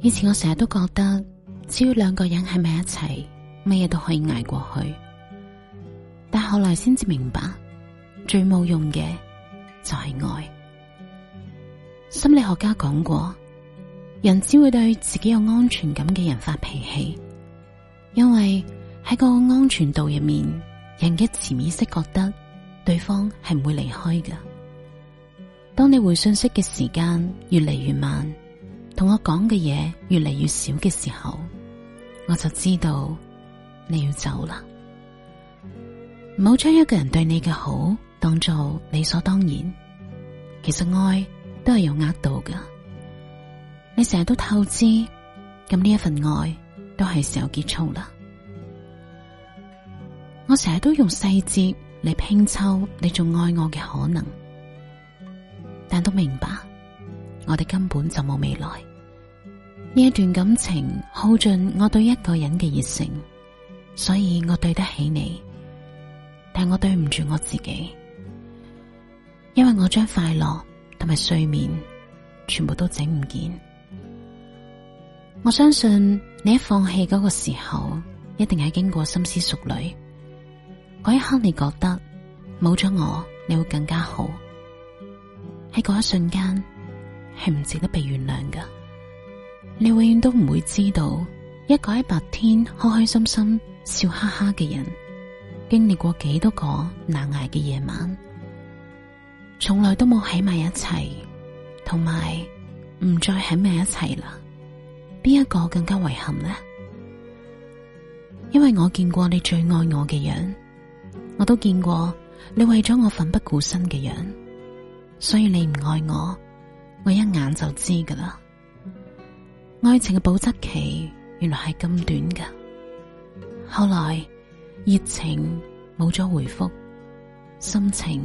以前我成日都覺得只要兩個人喺埋一齊，乜嘢都可以捱過去。但後來先至明白，最冇用嘅就係愛。心理學家講過，人只會對自己有安全感嘅人發脾氣，因為喺個安全度入面，人嘅潛意識覺得對方係唔會離開噶。當你回信息嘅時間越嚟越慢。同我講嘅嘢越嚟越少嘅時候，我就知道你要走啦。唔好將一個人對你嘅好當做理所當然。其實愛都係有額度噶，你成日都透支，咁呢一份愛都係時候結束啦。我成日都用細節嚟拼湊你仲愛我嘅可能，但都明白我哋根本就冇未來。呢一段感情耗盡我對一個人嘅熱誠，所以我對得起你，但我對唔住我自己，因為我將快樂同埋睡眠全部都整唔見。我相信你一放棄嗰個時候，一定係經過深思熟慮，嗰一刻你覺得冇咗我你會更加好，喺嗰一瞬間係唔值得被原諒噶。你永遠都唔會知道，一個喺白天開開心心笑哈哈嘅人，經歷過幾多個難挨嘅夜晚，從來都冇喺埋一齊，同埋唔再喺埋一齊啦。邊一個更加遺憾呢？因為我見過你最愛我嘅樣，我都見過你為咗我奮不顧身嘅樣，所以你唔愛我，我一眼就知噶啦。愛情嘅保質期原來係咁短㗎，後來熱情冇咗回复，心情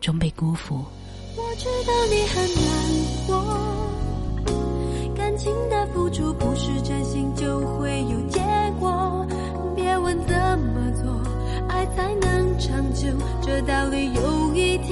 總被辜負。我知道你很難過，感情的付出不是真心就會有結果，別問怎麼做，愛才能長久，這道理有一天。